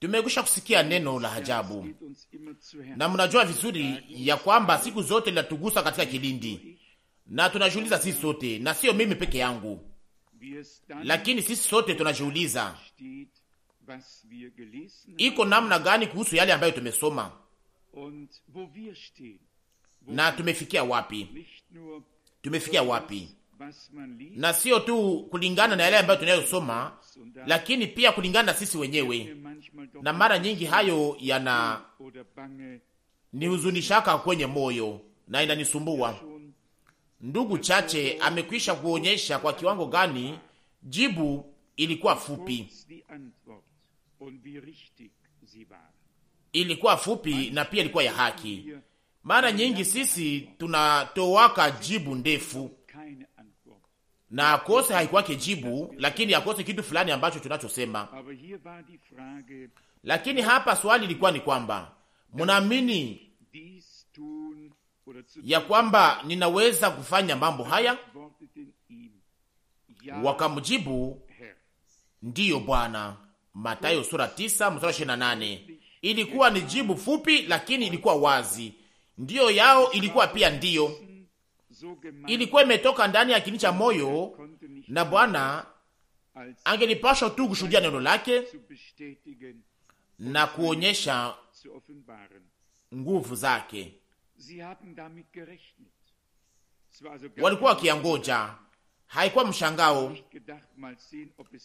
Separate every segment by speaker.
Speaker 1: Tumekwisha kusikia neno la ajabu, na mnajua vizuri ya kwamba siku zote linatugusa katika kilindi, na tunajiuliza sisi sote, na sio mimi peke yangu, lakini sisi sote tunajiuliza iko namna gani kuhusu yale ambayo tumesoma na tumefikia wapi? Tumefikia wapi? na sio tu kulingana na yale ambayo tunayosoma, lakini pia kulingana na sisi wenyewe. Na mara nyingi hayo yana nihuzunishaka kwenye moyo na inanisumbua. Ndugu Chache amekwisha kuonyesha kwa kiwango gani jibu ilikuwa fupi, ilikuwa fupi na pia ilikuwa ya haki. Mara nyingi sisi tunatowaka jibu ndefu na akose haikuwake jibu, lakini akose kitu fulani ambacho tunachosema. Lakini hapa swali ilikuwa ni kwamba mnaamini ya kwamba ninaweza kufanya mambo haya? Wakamjibu, ndiyo Bwana, Mathayo sura 9 mstari 28. Ilikuwa ni jibu fupi, lakini ilikuwa wazi. Ndiyo yao ilikuwa pia ndiyo ilikuwa imetoka ndani ya kini cha moyo, na Bwana angelipashwa tu kushuhudia neno lake na kuonyesha nguvu zake. Walikuwa wakiangoja, haikuwa mshangao.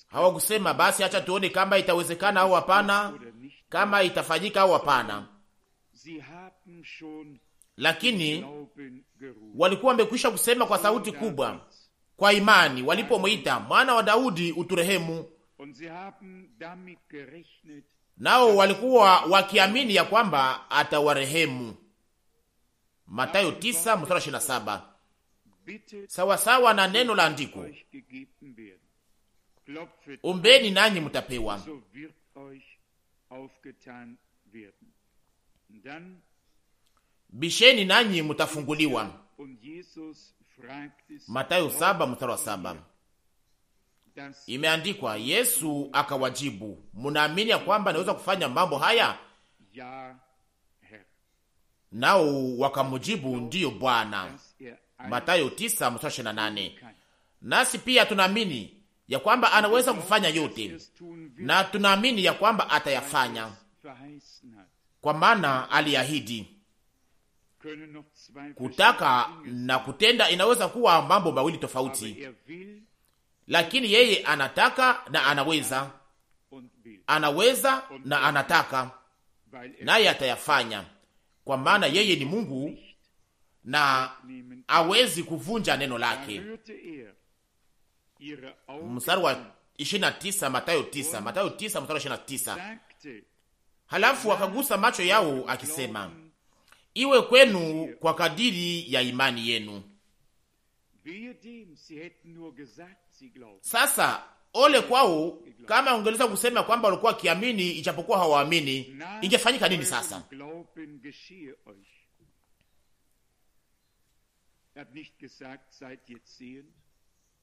Speaker 1: Hawakusema basi, acha tuone kama itawezekana au hapana, kama itafanyika au hapana lakini walikuwa wamekwisha kusema kwa sauti kubwa kwa imani walipomwita mwana wa Daudi, uturehemu. Nao walikuwa wakiamini ya kwamba atawarehemu. Mathayo 9:27, sawasawa na neno la andiko,
Speaker 2: ombeni nanyi mtapewa
Speaker 1: bisheni nanyi mutafunguliwa. saba mstari wa saba. Imeandikwa, Yesu akawajibu, munaamini ya kwamba naweza kufanya mambo haya? Nao wakamujibu ndiyo Bwana. tisa mstari ishirini na nane. Nasi pia tunaamini ya kwamba anaweza kufanya yote na tunaamini ya kwamba atayafanya, kwa maana aliahidi. Kutaka na kutenda inaweza kuwa mambo mawili tofauti, lakini yeye anataka na anaweza, anaweza na anataka, naye atayafanya, kwa maana yeye ni Mungu na awezi kuvunja neno lake. Mstari wa 29, Mathayo 9, Mathayo 9, mstari wa 29. Halafu akagusa macho yao akisema iwe kwenu kwa kadiri ya imani yenu. Sasa ole kwao kama ungeliweza kusema kwamba walikuwa wakiamini ijapokuwa hawaamini, ingefanyika nini? Sasa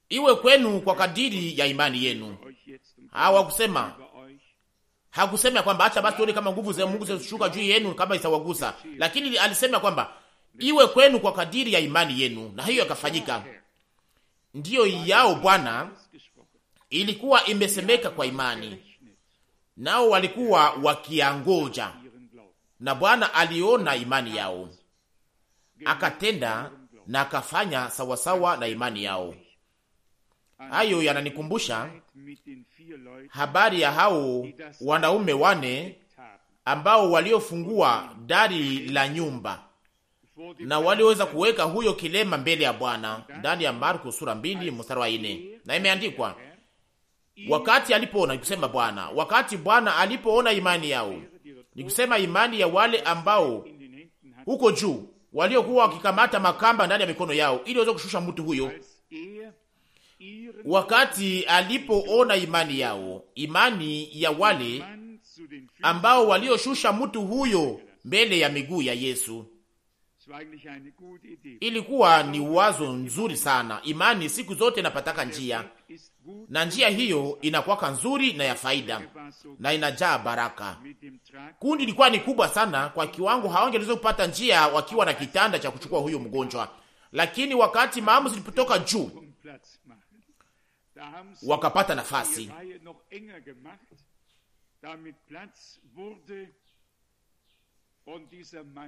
Speaker 1: iwe kwenu kwa kadiri ya imani yenu. Hawakusema hakusema kwamba acha basi tuone kama nguvu za Mungu zishuka juu yenu kama isawagusa, lakini alisema kwamba iwe kwenu kwa kadiri ya imani yenu, na hiyo ikafanyika. Ndiyo yao Bwana ilikuwa imesemeka kwa imani, nao walikuwa wakiangoja, na Bwana aliona imani yao akatenda na akafanya sawasawa na imani yao. Hayo yananikumbusha habari ya hao wanaume wane ambao waliofungua dari la nyumba na walioweza kuweka huyo kilema mbele ya Bwana ndani ya Marko sura mbili mstari wa nne na imeandikwa wakati alipoona nikusema Bwana, wakati Bwana alipoona imani yao, nikusema imani ya wale ambao huko juu waliokuwa wakikamata makamba ndani ya mikono yao, ili waweze kushusha mtu huyo, wakati alipoona imani yao, imani ya wale ambao walioshusha mtu huyo mbele ya miguu ya Yesu. Ilikuwa ni wazo nzuri sana. Imani siku zote inapataka njia, na njia hiyo inakwaka nzuri na ya faida na inajaa baraka. Kundi ilikuwa ni kubwa sana kwa kiwango, hawangeweza kupata njia wakiwa na kitanda cha kuchukua huyo mgonjwa, lakini wakati maamuzi ilipotoka juu
Speaker 2: wakapata nafasi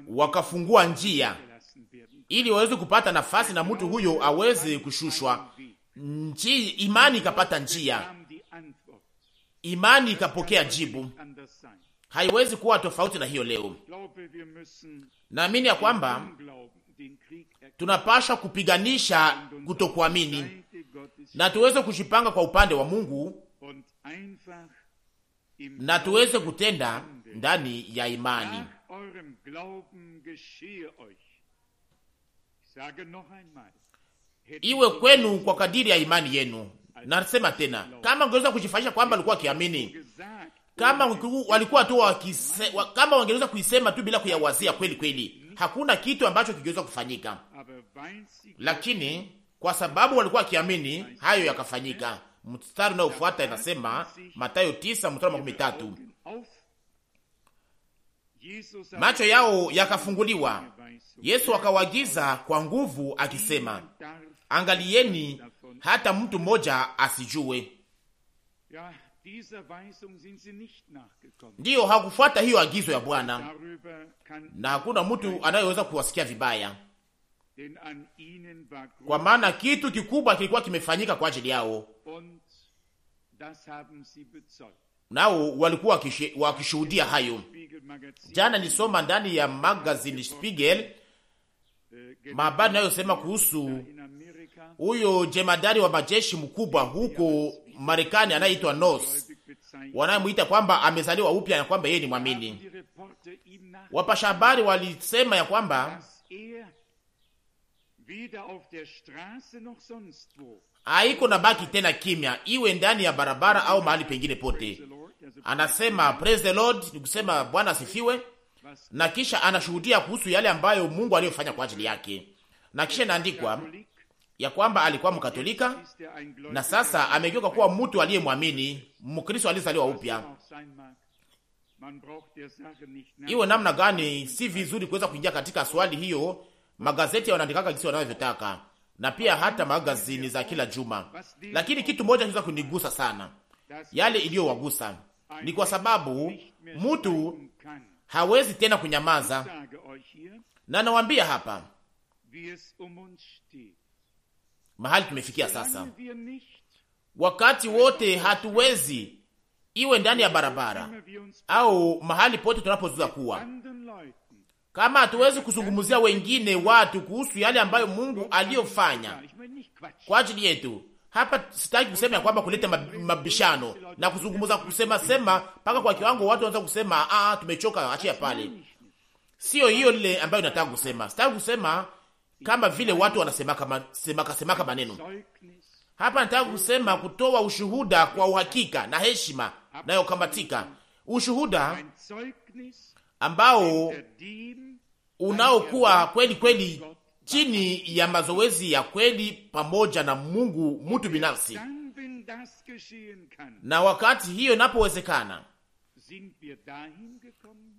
Speaker 1: wakafungua njia ili waweze kupata nafasi na mtu huyo aweze kushushwa. Nji, imani ikapata njia, imani ikapokea jibu. Haiwezi kuwa tofauti na hiyo leo. Naamini ya kwamba tunapasha kupiganisha kutokuamini na tuweze kujipanga kwa upande wa Mungu
Speaker 2: na tuweze
Speaker 1: kutenda ndani ya imani. Iwe kwenu kwa kadiri ya imani yenu. Nasema tena, kama ungeweza kujifanisha kwamba alikuwa akiamini, kama walikuwa tu wakise, kama wangeweza kuisema tu bila kuyawazia kweli kweli, hakuna kitu ambacho kingeweza kufanyika, lakini kwa sababu walikuwa wakiamini, hayo yakafanyika. Mstari unaofuata inasema Mathayo 9 mstari makumi tatu macho yao yakafunguliwa, Yesu akawagiza kwa nguvu akisema, angalieni hata mtu mmoja asijue. Ndiyo, hakufuata hiyo agizo ya Bwana, na hakuna mtu anayeweza kuwasikia vibaya kwa maana kitu kikubwa kilikuwa kimefanyika kwa ajili yao, nao walikuwa wakishuhudia hayo. Jana nilisoma ndani ya magazini Spiegel eh, mahabari nayosema kuhusu huyo jemadari wa majeshi mkubwa huko Marekani anayeitwa Nos, wanayemwita kwamba amezaliwa upya na kwamba yeye ni mwamini. Wapasha habari walisema ya kwamba haiko na baki tena kimya, iwe ndani ya barabara au mahali pengine pote. Anasema praise the Lord, ni kusema Bwana asifiwe, na kisha anashuhudia kuhusu yale ambayo Mungu aliyofanya kwa ajili yake, na kisha inaandikwa ya kwamba alikuwa Mkatolika na sasa amegeuka kuwa mtu aliyemwamini Mkristo aliyezaliwa upya. Iwe namna gani, si vizuri kuweza kuingia katika swali hiyo magazeti wanaandikaka jinsi wanavyotaka na pia hata magazini za kila juma, lakini kitu moja kiweza kunigusa sana, yale iliyowagusa ni kwa sababu mtu hawezi tena kunyamaza, na nawaambia hapa mahali tumefikia sasa, wakati wote hatuwezi, iwe ndani ya barabara au mahali pote tunapozuza kuwa kama hatuwezi kuzungumzia wengine watu kuhusu yale ambayo Mungu aliyofanya kwa ajili yetu, hapa sitaki kusema ya kwamba kuleta mabishano na kuzungumza kusema sema mpaka kwa kiwango watu wanaweza kusema ah, ah, tumechoka, achia pale. Sio hiyo ile ambayo nataka kusema. Sitaki kusema kama vile watu wanasema kama semaka semaka maneno. Hapa nataka kusema kutoa ushuhuda kwa uhakika na heshima nayo kamatika. Ushuhuda ambao unaokuwa kweli kweli chini ya mazoezi ya kweli pamoja na Mungu mtu binafsi. Na wakati hiyo inapowezekana,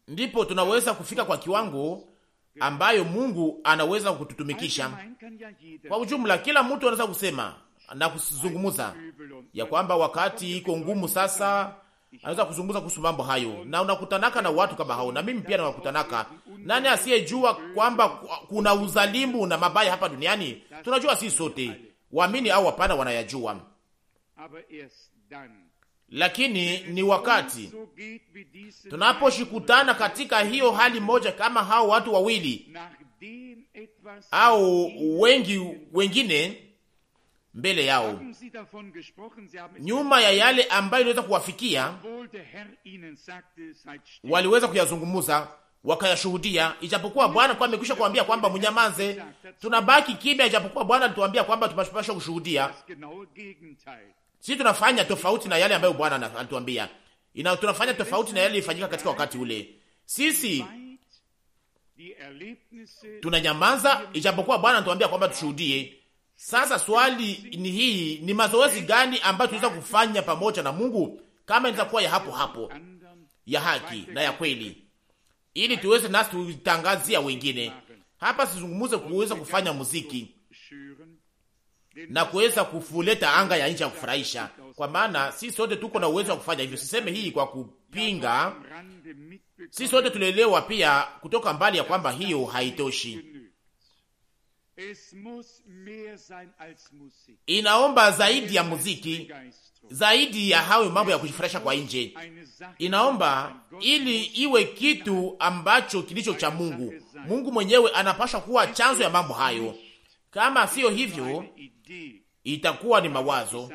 Speaker 1: ndipo tunaweza kufika kwa kiwango ambayo Mungu anaweza kututumikisha kwa ujumla. Kila mtu anaweza kusema na kuzungumza ya kwamba wakati iko ngumu sasa anaweza kuzungumza kuhusu mambo hayo, na unakutanaka na watu kama hao, na mimi pia nawakutanaka. Nani asiyejua kwamba kuna uzalimu na mabaya hapa duniani? Tunajua sisi sote, waamini au hapana, wanayajua, lakini ni wakati tunaposhikutana katika hiyo hali moja kama hao watu wawili au wengi wengine mbele yao, nyuma ya yale ambayo iliweza kuwafikia. Waliweza kuyazungumuza wakayashuhudia, ijapokuwa Bwana kwa amekwisha kuambia kwamba mnyamaze, tunabaki kimya, ijapokuwa Bwana alituambia kwamba tunapaswa kushuhudia. Sisi tunafanya tofauti na yale ambayo Bwana alituambia, ina tunafanya tofauti na yale ilifanyika katika wakati ule. Sisi tunanyamaza, ijapokuwa Bwana anatuambia kwamba tushuhudie sasa swali ni hii, ni mazoezi gani ambayo tunaweza kufanya pamoja na Mungu kama kuwa ya hapo hapo ya haki na ya kweli, ili tuweze nasi tutangazia wengine. Hapa sizungumuze kuweza kufanya muziki na kuweza kufuleta anga ya nje ya kufurahisha, kwa maana si sote tuko na uwezo wa kufanya hivyo. Siseme hii kwa kupinga, si sote tulielewa pia kutoka mbali ya kwamba hiyo haitoshi inaomba zaidi ya muziki, zaidi ya hayo mambo ya kujifurahisha kwa nje. Inaomba ili iwe kitu ambacho kilicho cha Mungu. Mungu mwenyewe anapasha kuwa chanzo ya mambo hayo. Kama siyo hivyo, itakuwa ni mawazo,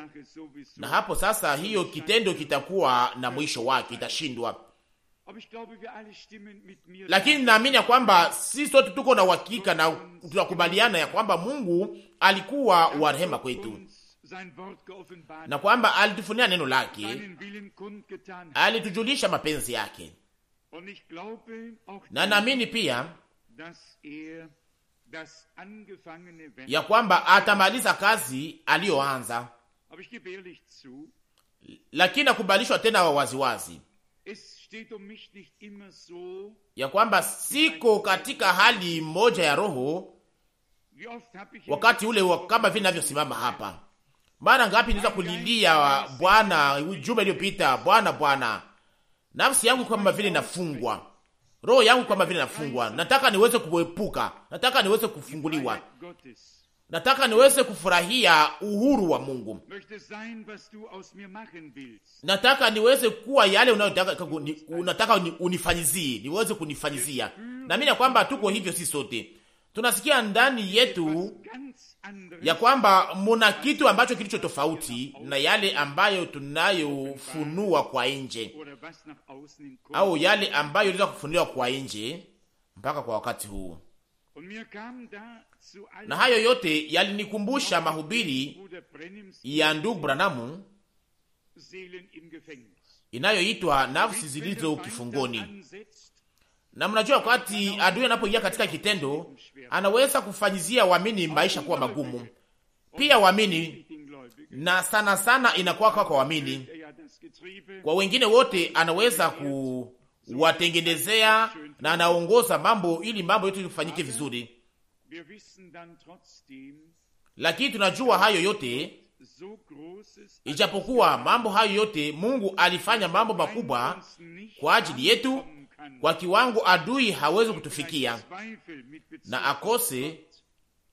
Speaker 1: na hapo sasa hiyo kitendo kitakuwa na mwisho wake, itashindwa lakini naamini ya kwamba si sote tuko na uhakika na tunakubaliana ya kwamba Mungu alikuwa wa rehema kwetu na kwamba alitufunia neno lake, alitujulisha mapenzi yake,
Speaker 2: na naamini pia er ya
Speaker 1: kwamba atamaliza kazi aliyoanza, lakini akubalishwa tena wawaziwazi
Speaker 2: Um
Speaker 1: ya kwamba siko katika hali moja ya roho wakati ule, kama vile navyosimama hapa. Mara ngapi niweza kulilia Bwana juma iliyopita, Bwana, Bwana, nafsi yangu kama vile nafungwa, roho yangu kama vile nafungwa, nataka niweze kuepuka, nataka niweze kufunguliwa Nataka niweze kufurahia uhuru wa Mungu. Nataka niweze kuwa yale unayotaka, unataka unifanyizie, niweze kunifanyizia. Naamini ya kwamba tuko hivyo, si sote tunasikia ndani yetu ya kwamba muna kitu ambacho kilicho tofauti na yale ambayo tunayofunua kwa nje, au yale ambayo inaweza kufunuliwa kwa nje mpaka kwa wakati huu na hayo yote yalinikumbusha mahubiri ya ndugu Branamu inayoitwa nafsi zilizo kifungoni. Na mnajua wakati adui anapoingia katika kitendo, anaweza kufanyizia waamini maisha kuwa magumu, pia waamini na sana sana inakuwa kwa waamini, kwa wengine wote anaweza ku watengenezea na anaongoza mambo ili mambo yetu ifanyike vizuri. Lakini tunajua hayo yote, ijapokuwa mambo hayo yote, Mungu alifanya mambo makubwa kwa ajili yetu, kwa kiwango adui hawezi kutufikia na akose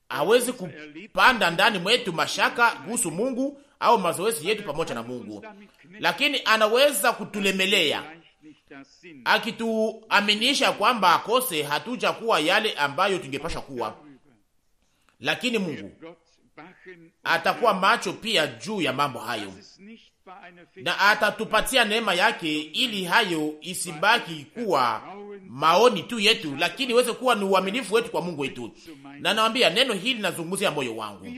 Speaker 1: hawezi kupanda ndani mwetu mashaka kuhusu Mungu au mazoezi yetu pamoja na Mungu, lakini anaweza kutulemelea akituaminisha kwamba akose hatuja kuwa yale ambayo tungepasha kuwa, lakini Mungu atakuwa macho pia juu ya mambo hayo na atatupatia neema yake, ili hayo isibaki kuwa maoni tu yetu, lakini iweze kuwa ni uaminifu wetu kwa Mungu wetu. Na nawaambia neno hili linazungumzia moyo wangu.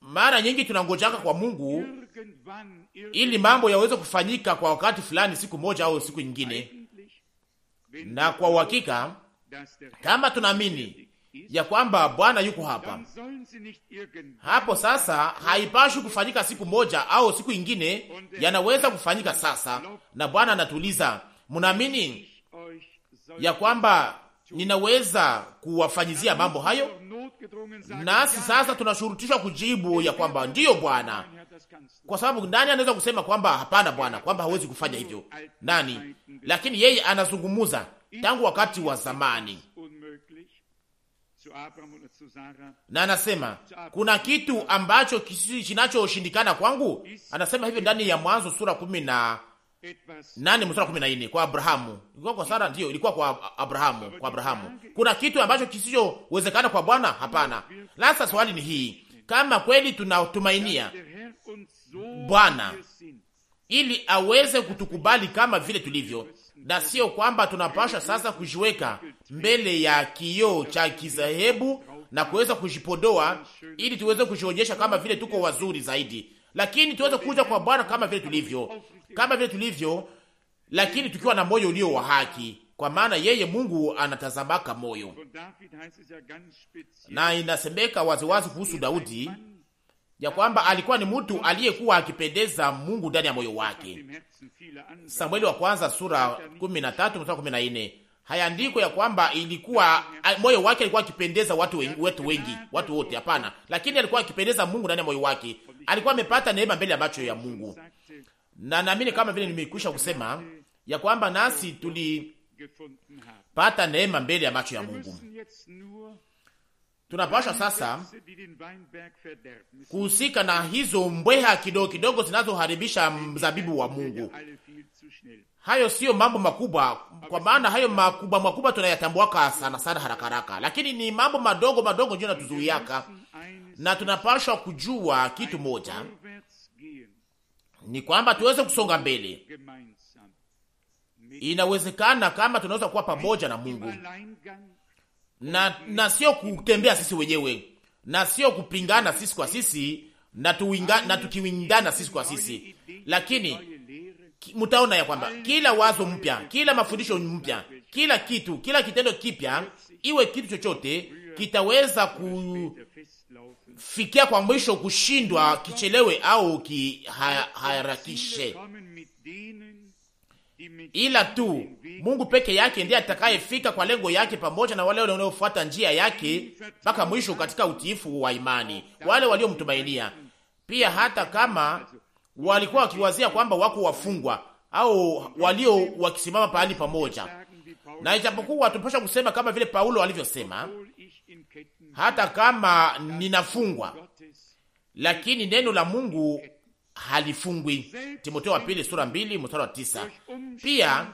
Speaker 2: Mara nyingi
Speaker 1: tunangojaka kwa Mungu ili mambo yaweze kufanyika kwa wakati fulani, siku moja au siku nyingine, na kwa uhakika kama tunaamini ya kwamba Bwana yuko hapa. Hapo sasa haipashwi kufanyika siku moja au siku ingine, yanaweza kufanyika sasa. Na Bwana anatuliza, mnaamini ya kwamba ninaweza kuwafanyizia mambo hayo? Nasi sasa tunashurutishwa kujibu ya kwamba ndiyo Bwana, kwa sababu nani anaweza kusema kwamba hapana Bwana, kwamba hawezi kufanya hivyo? Nani? Lakini yeye anazungumuza tangu wakati wa zamani na anasema kuna kitu ambacho kinachoshindikana kwangu. Anasema hivyo ndani ya Mwanzo sura kumi na nane mstari kumi na nne kwa Abrahamu. Ilikuwa kwa Sara, ndiyo, ilikuwa kwa Abrahamu, kwa Abrahamu. Kuna kitu ambacho kisichowezekana kwa Bwana? Hapana. Sasa swali ni hii, kama kweli tunatumainia Bwana ili aweze kutukubali kama vile tulivyo na sio kwamba tunapasha sasa kujiweka mbele ya kioo cha kizehebu na kuweza kujipodoa ili tuweze kujionyesha kama vile tuko wazuri zaidi, lakini tuweze kuja kwa Bwana kama vile tulivyo, kama vile tulivyo, lakini tukiwa na moyo ulio wa haki, kwa maana yeye Mungu anatazamaka moyo. Na inasemeka waziwazi kuhusu Daudi ya kwamba alikuwa ni mtu aliyekuwa akipendeza Mungu ndani ya moyo wake. Samueli wa kwanza sura 13 mstari 14. Hayandiko ya kwamba ilikuwa moyo wake alikuwa akipendeza watu wengi, watu wengi, watu wote, hapana, lakini alikuwa akipendeza Mungu ndani ya moyo wake. Alikuwa amepata neema mbele ya macho ya Mungu, na naamini kama vile nimekwisha kusema ya kwamba nasi tulipata neema mbele ya macho ya Mungu. Tunapasha sasa kuhusika na hizo mbweha kidogo kidogo zinazoharibisha mzabibu wa Mungu. Hayo siyo mambo makubwa, kwa maana hayo makubwa makubwa tunayatambuaka sana sana haraka haraka, lakini ni mambo madogo madogo ndio natuzuiaka, na tunapashwa kujua kitu moja, ni kwamba tuweze kusonga mbele. Inawezekana kama tunaweza kuwa pamoja na Mungu na, na sio kutembea sisi wenyewe na sio kupingana sisi kwa sisi na, tuwinga, na tukiwingana sisi kwa sisi, lakini mtaona ya kwamba kila wazo mpya, kila mafundisho mpya, kila kitu, kila kitendo kipya, iwe kitu chochote kitaweza kufikia kwa mwisho kushindwa kichelewe au kiharakishe ila tu Mungu peke yake ndiye atakayefika kwa lengo yake pamoja na wale wanaofuata njia yake mpaka mwisho katika utiifu wa imani, wale waliomtumainia pia, hata kama walikuwa wakiwazia kwamba wako wafungwa au walio wakisimama pahali pamoja. Na ijapokuwa tupasha kusema kama vile Paulo alivyosema, hata kama ninafungwa, lakini neno la Mungu halifungwi. Timoteo wa pili sura mbili mstari wa tisa. Pia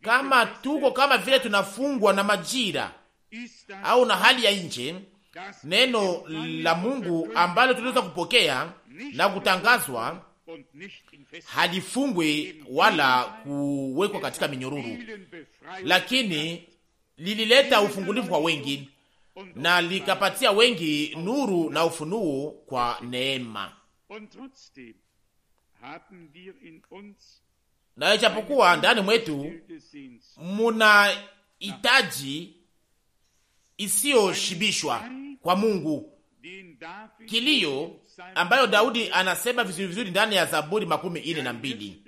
Speaker 1: kama tuko kama vile tunafungwa na majira au na hali ya nje, neno la Mungu ambalo tunaweza kupokea na kutangazwa halifungwi wala kuwekwa katika minyororo, lakini lilileta ufungulivu kwa wengi na likapatia wengi nuru na ufunuo kwa neema na ijapokuwa ndani mwetu muna hitaji isiyoshibishwa kwa Mungu, kilio ambayo Daudi anasema vizuri vizuri ndani ya Zaburi makumi ine na mbili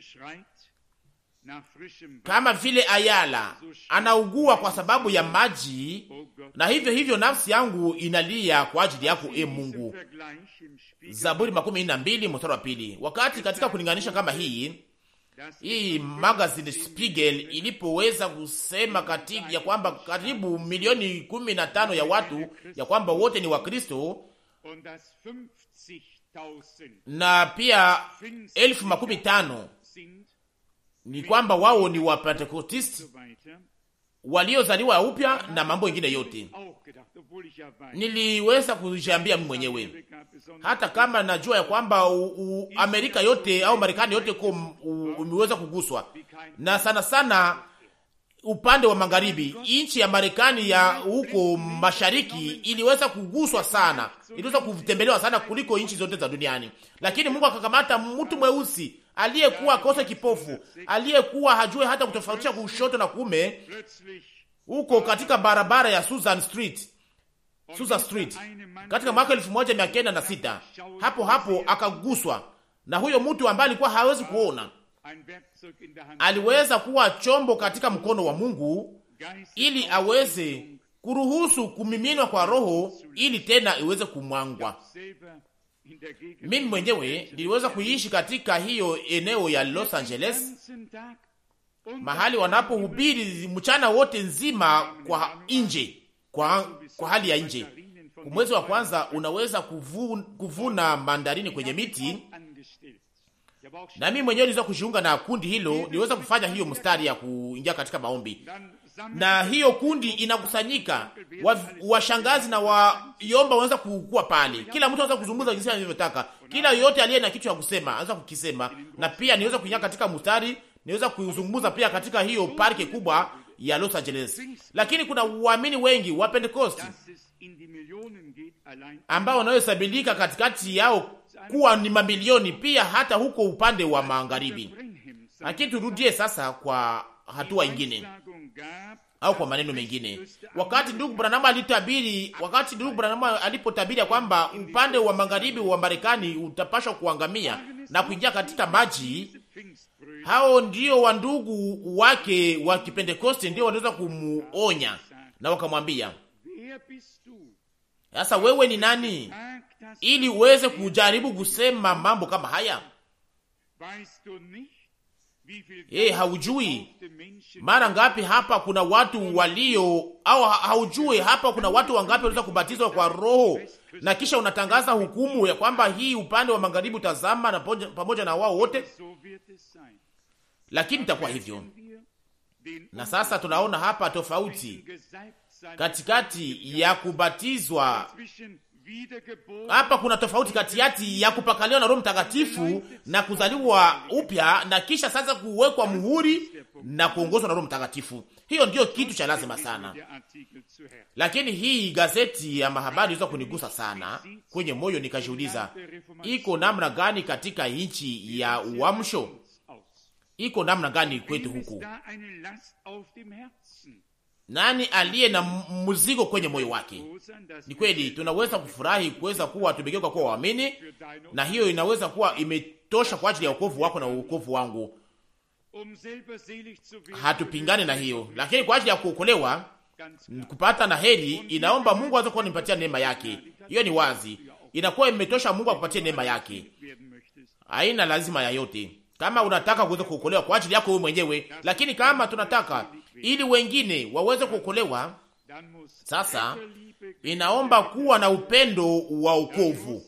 Speaker 1: kama vile ayala anaugua kwa sababu ya maji, na hivyo hivyo nafsi yangu inalia kwa ajili yako, e Mungu. Zaburi makumi na mbili mstari wa pili. Wakati katika kulinganisha kama hii hii magazine Spiegel ilipoweza kusema katika ya kwamba karibu milioni kumi na tano ya watu ya kwamba wote ni Wakristo na pia elfu makumi tano ni kwamba wao ni Wapentekostisti waliozaliwa upya na mambo mengine yote. Niliweza kujiambia mimi mwenyewe, hata kama najua ya kwamba u, u, Amerika yote au Marekani yote umeweza kuguswa na sana sana upande wa magharibi. Nchi ya Marekani ya huko mashariki iliweza kuguswa sana, iliweza kutembelewa sana kuliko nchi zote za duniani, lakini Mungu akakamata mtu mweusi aliyekuwa kose kipofu, aliyekuwa hajue hata kutofautisha kushoto na kuume, huko katika barabara ya Susan Street, Susan Street katika mwaka elfu moja mia kenda na sita hapo hapo akaguswa na huyo mtu ambaye alikuwa hawezi kuona, aliweza kuwa chombo katika mkono wa Mungu ili aweze kuruhusu kumiminwa kwa Roho ili tena iweze kumwangwa mimi mwenyewe niliweza kuishi katika hiyo eneo ya Los Angeles, mahali wanapohubiri mchana wote nzima kwa nje, kwa, kwa hali ya nje. Mwezi wa kwanza unaweza kuvuna, kuvuna mandarini kwenye miti, na mimi mwenyewe niliweza kujiunga na kundi hilo, niliweza kufanya hiyo mstari ya kuingia katika maombi na hiyo kundi inakusanyika, washangazi na wayomba wanaweza kukua pale, kila mtu anaweza kuzungumza jinsi anavyotaka, kila yote aliye na kitu ya kusema anaweza kukisema, na pia niweza kuingia katika mustari niweza kuzungumza pia katika hiyo parki kubwa ya Los Angeles. Lakini kuna waamini wengi wa Pentecost ambao wanaohesabika katikati yao kuwa ni mamilioni, pia hata huko upande wa magharibi. Lakini turudie sasa kwa hatua ingine au kwa maneno mengine, wakati ndugu Branham alitabiri, wakati ndugu Branham alipotabiri kwamba upande wa magharibi wa Marekani utapashwa kuangamia na kuingia katika maji, hao ndio wandugu wake wa Kipentekoste ndio waliweza kumuonya na wakamwambia, sasa wewe ni nani
Speaker 2: ili uweze
Speaker 1: kujaribu kusema mambo kama haya? Hey, haujui mara ngapi hapa kuna watu walio au haujui hapa kuna watu wangapi waliweza kubatizwa kwa Roho, na kisha unatangaza hukumu ya kwamba hii upande wa magharibi utazama na pamoja na wao wote, lakini itakuwa hivyo. Na sasa tunaona hapa tofauti katikati ya kubatizwa hapa kuna tofauti katikati ya kupakaliwa na Roho Mtakatifu na kuzaliwa upya na kisha sasa kuwekwa muhuri na kuongozwa na Roho Mtakatifu. Hiyo ndiyo kitu cha lazima sana, lakini hii gazeti ya mahabari iliweza kunigusa sana kwenye moyo, nikajiuliza iko namna gani katika nchi ya uamsho, iko namna gani kwetu huku nani aliye na mzigo kwenye moyo wake? Ni kweli tunaweza kufurahi kuweza kuwa tumegeuka kuwa waamini, na hiyo inaweza kuwa imetosha kwa ajili ya wokovu wako na wokovu wangu. Hatupingane na hiyo, lakini kwa ajili ya kuokolewa kupata na heri, inaomba Mungu aweze kuwa nipatia neema yake. Hiyo ni wazi, inakuwa imetosha Mungu akupatie neema yake, haina lazima ya yote, kama unataka kuweza kuokolewa kwa ajili yako wewe mwenyewe. Lakini kama tunataka ili wengine waweze kuokolewa. Sasa inaomba kuwa na upendo wa ukovu,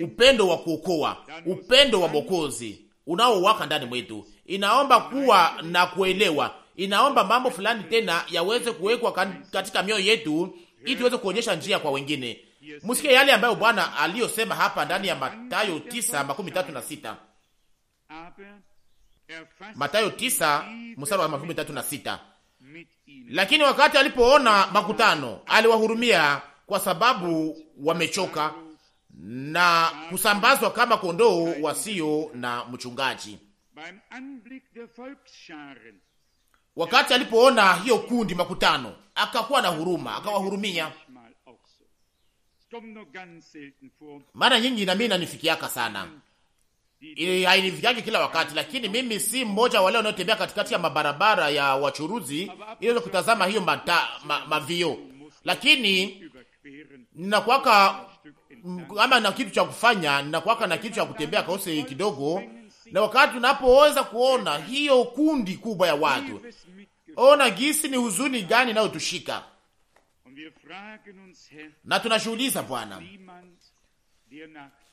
Speaker 1: upendo wa kuokoa, upendo wa Mwokozi unaowaka ndani mwetu. Inaomba kuwa na kuelewa, inaomba mambo fulani tena yaweze kuwekwa katika mioyo yetu, ili tuweze kuonyesha njia kwa wengine. Musikie yale ambayo Bwana aliyosema hapa ndani ya Mathayo 9:36. Mathayo 9 mstari wa lakini wakati alipoona makutano, aliwahurumia kwa sababu wamechoka na kusambazwa kama kondoo wasio na mchungaji. Wakati alipoona hiyo kundi makutano, akakuwa na huruma, akawahurumia. Mara nyingi nami nanifikiaka sana hairiviake kila wakati, lakini mimi si mmoja wale wanaotembea katikati ya mabarabara ya wachuruzi ili kutazama hiyo mata, ma, mavio, lakini ninakuwaka mm, ama na kitu cha kufanya, ninakuwaka na kitu cha kutembea kausi kidogo, na wakati unapoweza kuona hiyo kundi kubwa ya watu, ona gisi ni huzuni gani inayotushika na tunashuhuliza Bwana,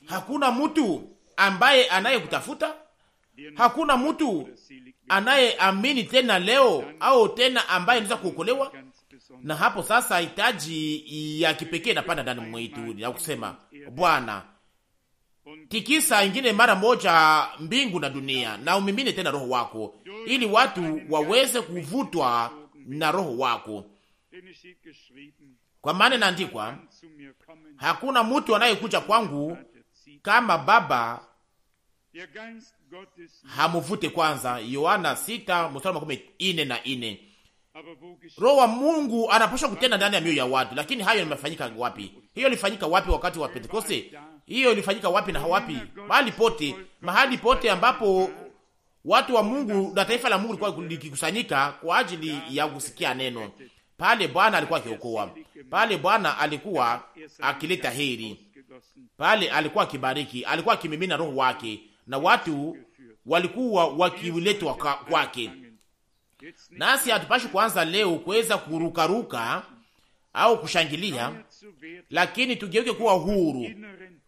Speaker 1: hakuna mtu ambaye anayekutafuta. Hakuna mtu anayeamini tena leo au tena ambaye anaweza kuokolewa, na hapo sasa hitaji ya kipekee napanda ndani mwetu ya kusema Bwana, tikisa ingine mara moja mbingu na dunia, na umimine tena roho wako, ili watu waweze kuvutwa na roho wako, kwa maana inaandikwa, hakuna mtu anayekuja kwangu kama Baba hamuvute kwanza. Yohana sita mstari makumi ine na ine. Roho wa Mungu anapashwa kutenda ndani ya mioyo ya watu, lakini hayo yamefanyika wapi? Hiyo ilifanyika wapi? Wakati wa Pentekoste hiyo ilifanyika wapi na hawapi? Mahali pote, mahali pote ambapo watu wa Mungu na taifa la Mungu lilikuwa likikusanyika kwa ajili ya kusikia neno, pale Bwana alikuwa akiokoa, pale Bwana alikuwa akileta heri pale alikuwa akibariki, alikuwa akimimina roho wake na watu walikuwa wakiletwa kwake. Nasi hatupashi kuanza leo kuweza kurukaruka au kushangilia, lakini tugeuke kuwa huru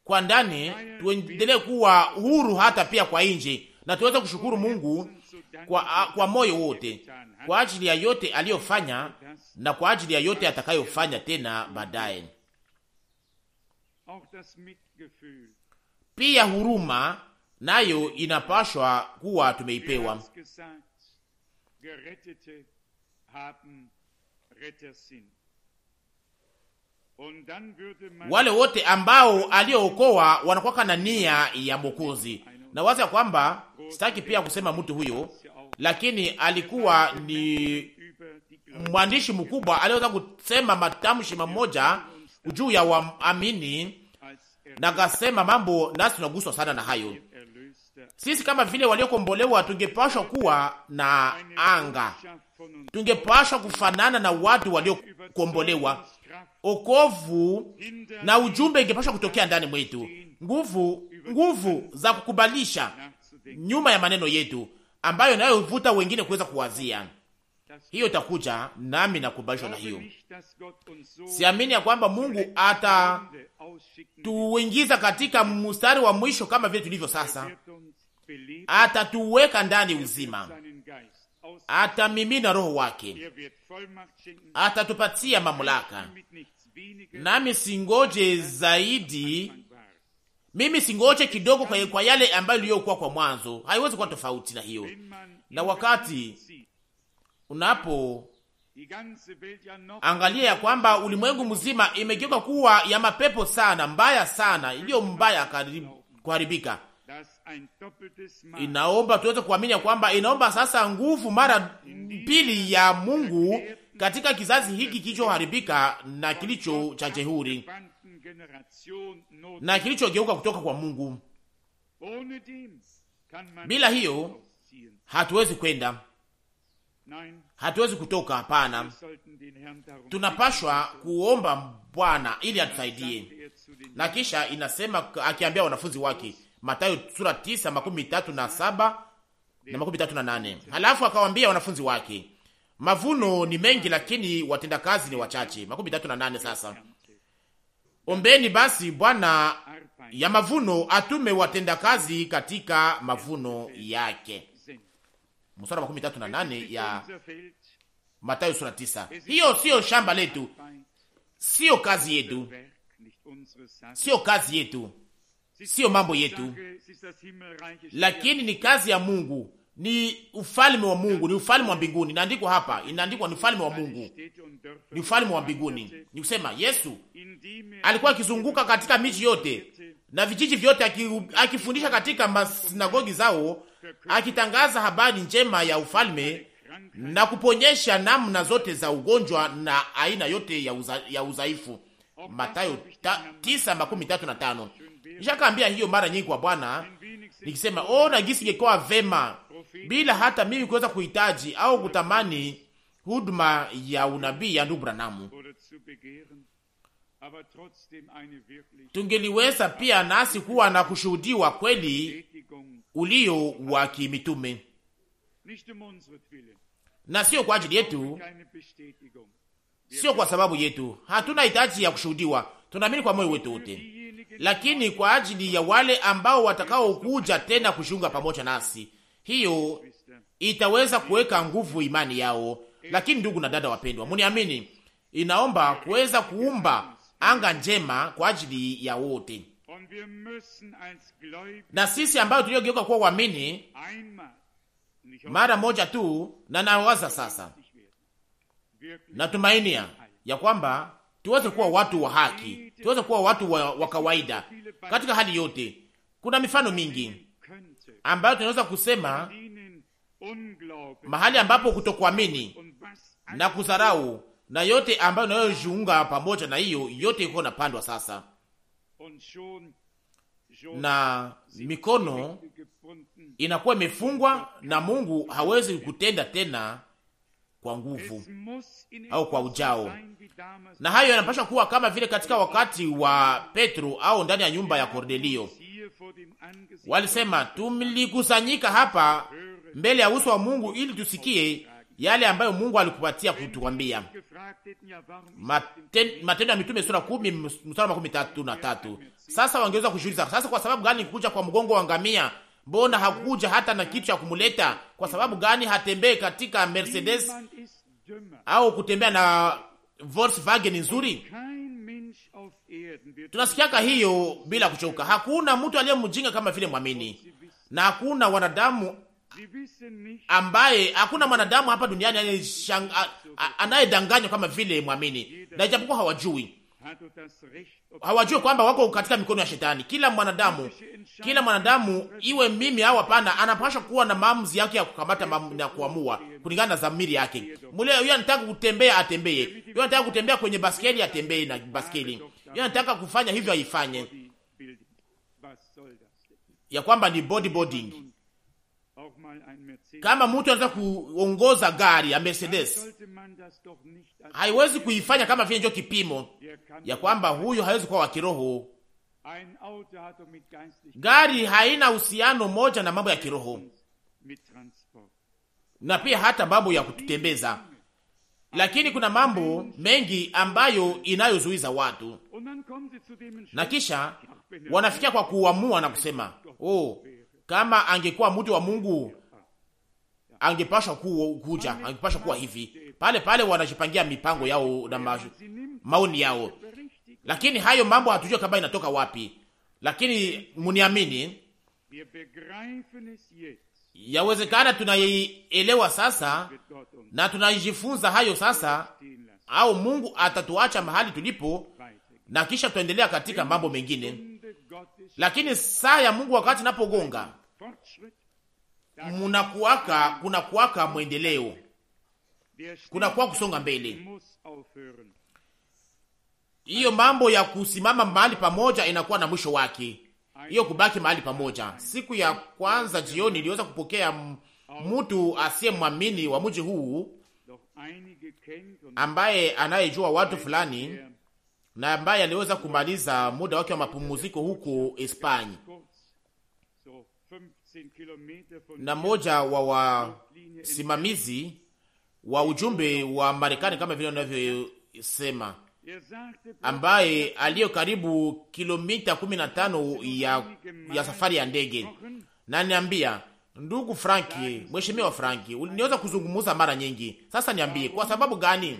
Speaker 1: kwa ndani, tuendelee kuwa huru hata pia kwa nje, na tuweze kushukuru Mungu kwa, kwa moyo wote kwa ajili ya yote aliyofanya na kwa ajili ya yote atakayofanya tena baadaye. Pia huruma nayo inapashwa kuwa tumeipewa. Wale wote ambao aliyookoa wanakuwa na nia ya Mwokozi, na wazi ya kwamba sitaki pia kusema mtu huyo, lakini alikuwa ni mwandishi mkubwa, aliweza kusema matamshi mamoja juu ya waamini na kasema mambo, nasi tunaguswa sana na hayo. Sisi kama vile waliokombolewa tungepashwa kuwa na anga, tungepashwa kufanana na watu waliokombolewa. Okovu na ujumbe ingepashwa kutokea ndani mwetu, nguvu nguvu za kukubalisha nyuma ya maneno yetu ambayo inayovuta wengine kuweza kuwazia hiyo itakuja, nami nakubalishwa na hiyo. Siamini ya kwamba Mungu atatuingiza katika mstari wa mwisho kama vile tulivyo er sasa, atatuweka ndani er uzima, atamimina roho wake, er atatupatia mamlaka. Nami singoje zaidi, mimi singoje kidogo kwa, kwa yale ambayo iliyokuwa kwa mwanzo. Haiwezi kuwa tofauti na hiyo. Na wakati unapo angalia ya kwamba ulimwengu mzima imegeuka kuwa ya mapepo sana mbaya sana iliyo mbaya kuharibika. Inaomba tuweze kuamini ya kwamba inaomba sasa nguvu mara pili ya Mungu katika kizazi hiki kilichoharibika na kilicho cha jehuri na kilichogeuka kutoka kwa Mungu.
Speaker 2: Bila hiyo
Speaker 1: hatuwezi kwenda hatuwezi kutoka. Hapana, tunapashwa kuomba Bwana ili atusaidie. Na kisha inasema akiambia wanafunzi wake, Mathayo sura tisa makumi tatu na saba na makumi tatu na nane halafu akawambia wanafunzi wake, mavuno ni mengi, lakini watendakazi ni wachache. makumi tatu na nane Sasa ombeni basi Bwana ya mavuno atume watendakazi katika mavuno yake mstari wa makumi tatu na nane ya Matayo sura tisa. Hiyo siyo shamba letu, siyo kazi yetu, siyo kazi yetu, siyo mambo yetu, lakini ni kazi ya Mungu, ni ufalme wa Mungu, ni ufalme wa mbinguni. Inaandikwa hapa, inaandikwa ni ufalme wa Mungu, ni ufalme wa mbinguni. Ni kusema Yesu alikuwa akizunguka katika miji yote na vijiji vyote, akifundisha katika masinagogi zao, akitangaza habari njema ya ufalme na kuponyesha namna zote za ugonjwa na aina yote ya, uza, ya uzaifu. Mathayo 9:35. Nishakaambia hiyo mara nyingi kwa Bwana nikisema, na gisi ingekuwa vema bila hata mimi kuweza kuhitaji au kutamani huduma ya unabii ya ndugu Branamu tungeliweza pia nasi kuwa na kushuhudiwa kweli ulio wa kimitume, um na sio kwa ajili yetu, sio kwa sababu yetu. Hatuna hitaji ya kushuhudiwa, tunaamini kwa moyo wetu wote, lakini kwa ajili ya wale ambao watakaokuja tena kushunga pamoja nasi, hiyo itaweza kuweka nguvu imani yao. Lakini ndugu na dada wapendwa, muniamini, inaomba kuweza kuumba anga njema kwa ajili ya wote. Na sisi ambayo tuliogeuka kuwa waamini mara moja tu, na nawaza sasa, natumainia ya kwamba tuweze kuwa watu wa haki, tuweze kuwa watu wa, wa kawaida katika hali yote. Kuna mifano mingi ambayo tunaweza kusema mahali ambapo kutokuamini na kudharau na yote ambayo nayojiunga pamoja na hiyo yote iko napandwa sasa, na mikono inakuwa imefungwa na Mungu hawezi kutenda tena kwa nguvu au kwa ujao, na hayo yanapasha kuwa kama vile katika wakati wa Petro au ndani ya nyumba ya Kornelio. Walisema, tumlikusanyika hapa mbele ya uso wa Mungu ili tusikie yale ambayo Mungu alikupatia kutuambia. Matendo ya Mitume sura kumi mstari makumi tatu na tatu. Sasa wangeweza kujiuliza sasa, kwa sababu gani kuja kwa mgongo wa ngamia? Mbona hakuja hata na kitu cha kumuleta? Kwa sababu gani hatembee katika Mercedes au kutembea na Volkswagen nzuri? Tunasikiaka hiyo bila kuchoka. Hakuna mtu aliye mjinga kama vile mwamini, na hakuna wanadamu ambaye hakuna mwanadamu hapa duniani anayedanganywa kama vile mwamini, na ijapokuwa hawajui hawajui kwamba wako katika mikono ya Shetani. Kila mwanadamu, kila mwanadamu, iwe mimi au hapana, anapaswa kuwa na maamuzi yake ya kukamata na kuamua kulingana na dhamiri yake. Mule yeye anataka kutembea, atembee. Yeye anataka kutembea kwenye baskeli, atembee na baskeli. Yeye anataka kufanya hivyo, aifanye. Ya kwamba ni bodyboarding kama mtu anaweza kuongoza gari ya Mercedes, haiwezi kuifanya kama vile ndio kipimo ya kwamba huyo hawezi kuwa wa kiroho. Gari haina uhusiano moja na mambo ya kiroho na pia hata mambo ya kututembeza, lakini kuna mambo mengi ambayo inayozuiza watu, na kisha er wanafikia kwa kuamua na kusema oh, kama angekuwa mtu wa Mungu angepasha kuja angepasha kuwa hivi pale pale, wanajipangia mipango yao na ma, maoni yao, lakini hayo mambo hatujua kama inatoka wapi, lakini muniamini, yawezekana tunaielewa sasa na tunajifunza hayo sasa, au Mungu atatuacha mahali tulipo na kisha tuendelea katika mambo mengine, lakini saa ya Mungu wakati napogonga kuna kuwaka mwendeleo,
Speaker 2: kunakuwa kusonga mbele.
Speaker 1: Hiyo mambo ya kusimama mahali pamoja inakuwa na mwisho wake, hiyo kubaki mahali pamoja. Siku ya kwanza jioni iliweza kupokea mtu mwamini wa mji huu ambaye anayejua watu fulani na ambaye aliweza kumaliza muda wake wa mapumziko huko Hispania na moja wa wasimamizi wa ujumbe wa Marekani kama vile wanavyosema, ambaye aliyo karibu kilomita kumi ya, ya safari ya ndege, na niambia ndugu Franki, mheshimiwa Franki, niweza kuzungumuza mara nyingi sasa. Niambie kwa sababu gani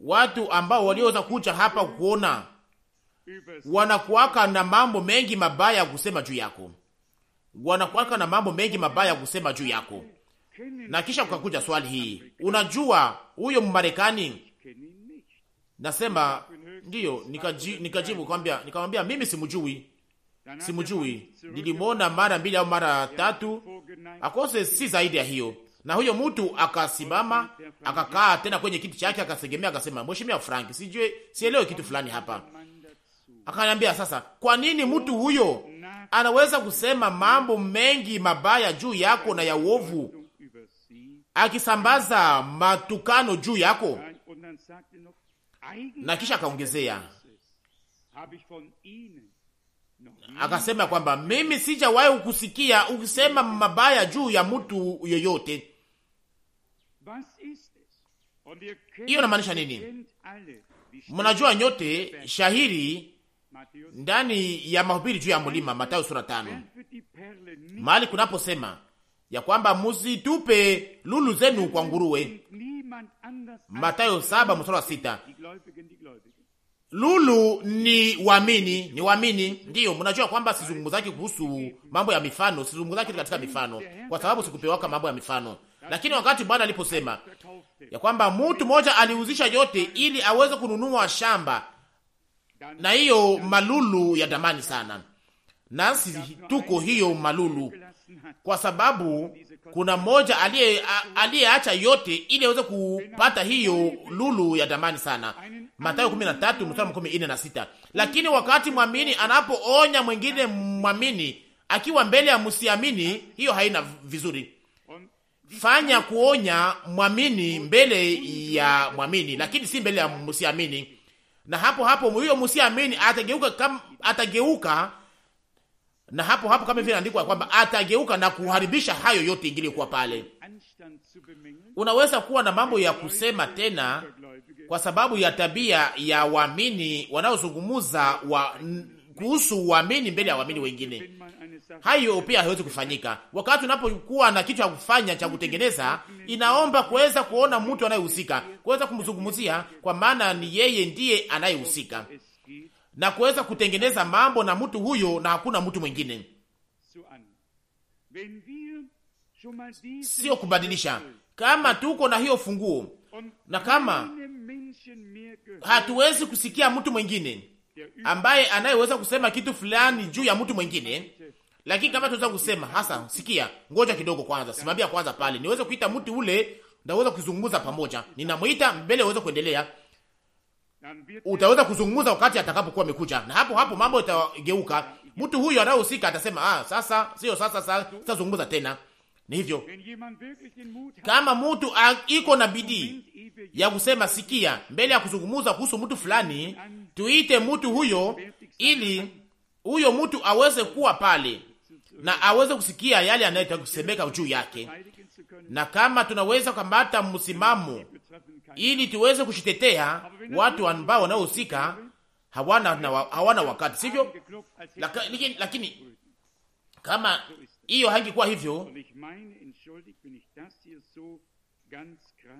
Speaker 1: watu ambao walioweza kuja hapa kuona wanakuwaka na mambo mengi mabaya ya kusema juu yako, wanakuwaka na mambo mengi mabaya ya kusema juu yako. Na kisha kukakuja swali hii, unajua huyo Mmarekani? Nasema ndiyo, nikajibu nika nikamwambia mimi simujui, simujui, nilimwona mara mbili au mara tatu, akose si zaidi ya hiyo. Na huyo mtu akasimama akakaa tena kwenye kiti chake akasegemea, akasema Mheshimiwa Frank, sijue sielewe kitu fulani hapa Akaniambia, sasa kwa nini mtu huyo anaweza kusema mambo mengi mabaya juu yako na ya uovu, akisambaza matukano juu yako? Na kisha akaongezea akasema kwamba mimi sijawahi kusikia ukisema mabaya juu ya mtu yoyote.
Speaker 3: Hiyo namaanisha nini?
Speaker 1: Mnajua nyote shahiri ndani ya mahubiri juu ya mlima, Mathayo sura tano, mahali kunaposema ya kwamba muzitupe lulu zenu kwa nguruwe, Mathayo saba mstari wa sita. Lulu ni wamini, ni wamini. Ndiyo, mnajua kwamba sizungumzaki kuhusu mambo ya mifano, sizungumzaki katika mifano kwa sababu sikupewaka mambo ya mifano. Lakini wakati Bwana aliposema ya kwamba mtu mmoja aliuzisha yote ili aweze kununua shamba na hiyo malulu ya damani sana, nasi tuko hiyo malulu, kwa sababu kuna mmoja aliyeacha yote ili aweze kupata hiyo lulu ya damani sana, Mathayo 13 mstari 14 na 6. Lakini wakati mwamini anapoonya mwingine mwamini akiwa mbele ya msiamini, hiyo haina vizuri fanya kuonya mwamini mbele ya mwamini, lakini si mbele ya msiamini na hapo hapo huyo msiamini atageuka kama atageuka, na hapo hapo kama vile inaandikwa kwamba atageuka na kuharibisha hayo yote ingilikuwa pale. Unaweza kuwa na mambo ya kusema tena kwa sababu ya tabia ya waamini wanaozungumuza wa kuhusu uamini mbele ya waamini wengine. Hayo pia haiwezi kufanyika. Wakati unapokuwa na kitu cha kufanya cha kutengeneza, inaomba kuweza kuona mtu anayehusika, kuweza kumzungumzia, kwa maana ni yeye ndiye anayehusika na kuweza kutengeneza mambo na mtu huyo, na hakuna mtu mwingine, sio kubadilisha. Kama tuko na hiyo funguo na kama hatuwezi kusikia mtu mwingine ambaye anayeweza kusema kitu fulani juu ya mtu mwingine, lakini kama tunaweza kusema hasa, sikia, ngoja kidogo kwanza, simambia kwanza pale, niweze kuita mtu ule, ndaweza kuzungumza pamoja, ninamwita mbele, uweze kuendelea, utaweza kuzungumza wakati atakapokuwa amekuja, na hapo hapo mambo itageuka. Mtu huyo anayehusika atasema, ah, sasa sio sasa, sasa, sasa zungumza tena ni hivyo kama mtu iko na bidii ya kusema sikia, mbele ya kuzungumuza kuhusu mtu fulani, tuite mtu huyo, ili huyo mtu aweze kuwa pale na aweze kusikia yale yanayotaka kusemeka juu yake, na kama tunaweza kukamata msimamo ili tuweze kushitetea watu ambao wanaohusika hawana, hawana wakati, sivyo? Lakini, lakini kama hiyo haingekuwa hivyo,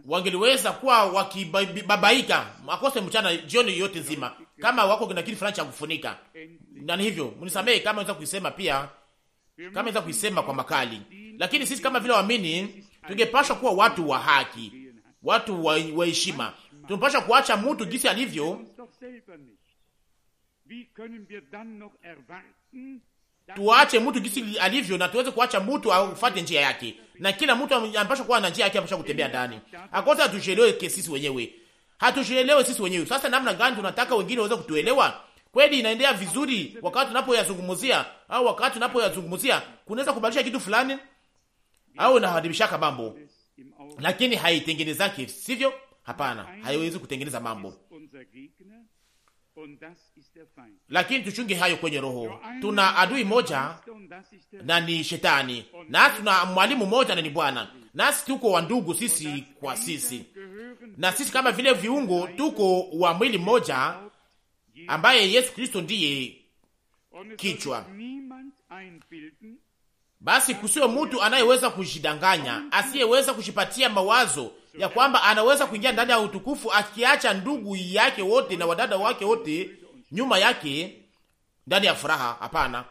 Speaker 2: wangeliweza
Speaker 1: kuwa wakibabaika makose mchana jioni yote nzima, kama wako na kitu fulani cha kufunika. Na ni hivyo, mnisamehe kama naweza kuisema pia, kama naweza kuisema kwa makali, lakini sisi kama vile waamini tungepashwa kuwa watu wa haki, watu wa heshima. Tunapashwa kuacha mtu jinsi alivyo tuache mtu gisi alivyo na tuweze kuacha mtu afuate njia yake, na kila mtu anapaswa kuwa na njia yake, anapaswa kutembea ndani akosa. Hatujielewe sisi wenyewe, hatujielewe sisi wenyewe. Sasa namna gani tunataka wengine waweze kutuelewa? Kweli Inaendea vizuri wakati tunapoyazungumzia au wakati tunapoyazungumzia kunaweza kubadilisha kitu fulani au inaharibishaka mambo, lakini haitengenezake, sivyo? Hapana, haiwezi kutengeneza mambo lakini tuchunge hayo kwenye roho. Tuna adui moja na ni Shetani, nasi tuna mwalimu moja na ni Bwana, nasi tuko wa ndugu sisi kwa sisi, na sisi kama vile viungo tuko wa mwili mmoja ambaye Yesu Kristo ndiye kichwa. Basi kusiwe mtu anayeweza kujidanganya, asiyeweza kujipatia mawazo ya kwamba anaweza kuingia ndani ya utukufu akiacha ndugu yake wote na wadada wake wote nyuma yake ndani ya furaha. Hapana,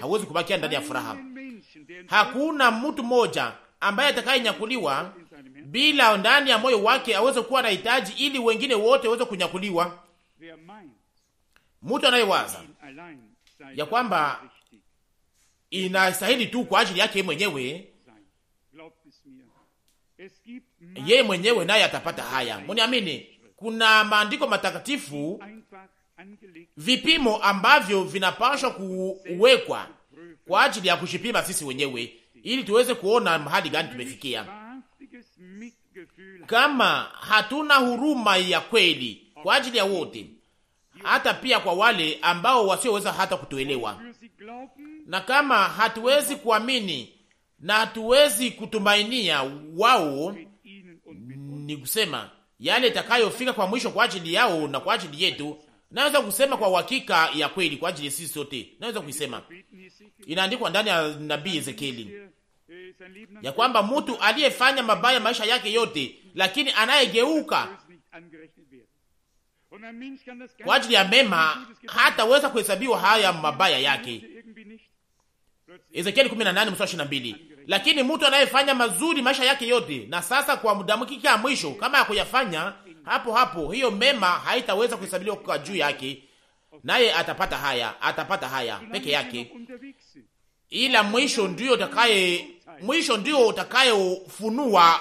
Speaker 1: hawezi kubakia ndani ya furaha. Hakuna mtu mmoja ambaye atakayenyakuliwa bila ndani ya moyo wake aweze kuwa na hitaji ili wengine wote waweze kunyakuliwa. Mtu anayewaza ya kwamba inastahili tu kwa ajili yake mwenyewe yeye mwenyewe naye atapata haya. Mniamini, kuna maandiko matakatifu, vipimo ambavyo vinapashwa kuwekwa kwa ajili ya kushipima sisi wenyewe, ili tuweze kuona mahali gani tumefikia. Kama hatuna huruma ya kweli kwa ajili ya wote, hata pia kwa wale ambao wasioweza hata kutuelewa, na kama hatuwezi kuamini na hatuwezi kutumainia wao ni kusema yale itakayofika kwa mwisho kwa ajili yao na kwa ajili yetu. Naweza kusema kwa uhakika ya kweli kwa ajili sisi sote, naweza kuisema. Inaandikwa ndani ya nabii Ezekieli ya kwamba mtu aliyefanya mabaya maisha yake yote, lakini anayegeuka kwa ajili ya mema hataweza kuhesabiwa haya mabaya yake. Ezekieli 18 mstari 22 lakini mtu anayefanya mazuri maisha yake yote na sasa kwa muda mkiki ya mwisho kama ya kuyafanya hapo hapo, hiyo mema haitaweza kuhesabiliwa kwa juu yake, naye atapata haya, atapata haya peke yake, ila mwisho ndio utakaye, mwisho ndio utakayofunua